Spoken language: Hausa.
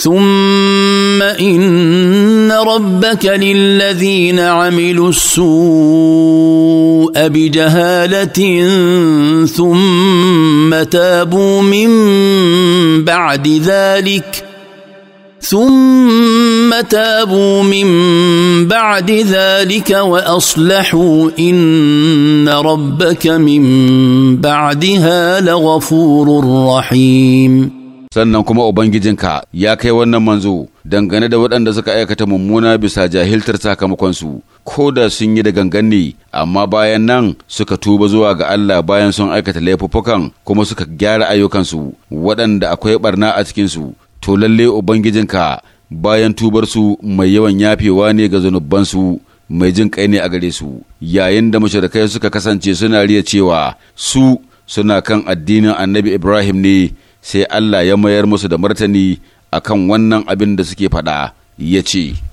ثم ان ربك للذين عملوا السوء بجهاله ثم تابوا من بعد ذلك ثم تابوا من بعد ذلك واصلحوا ان ربك من بعدها لغفور رحيم sannan kuma Ubangijinka ya kai wannan manzo dangane da waɗanda suka aikata mummuna bisa jahiltar sakamakonsu, ko da sun yi da gangan ne, amma bayan nan suka tuba zuwa ga Allah bayan sun aikata laifuffukan kuma suka gyara ayyukansu waɗanda akwai ɓarna a cikinsu, to lalle Ubangijinka bayan tubarsu mai yawan yafewa ne ga zunubansu. mai jin kai ne a gare su yayin da mashirikai suka kasance suna riya cewa su suna kan addinin annabi ibrahim ne sai Allah ya mayar musu da martani akan wannan abin da suke faɗa ya ce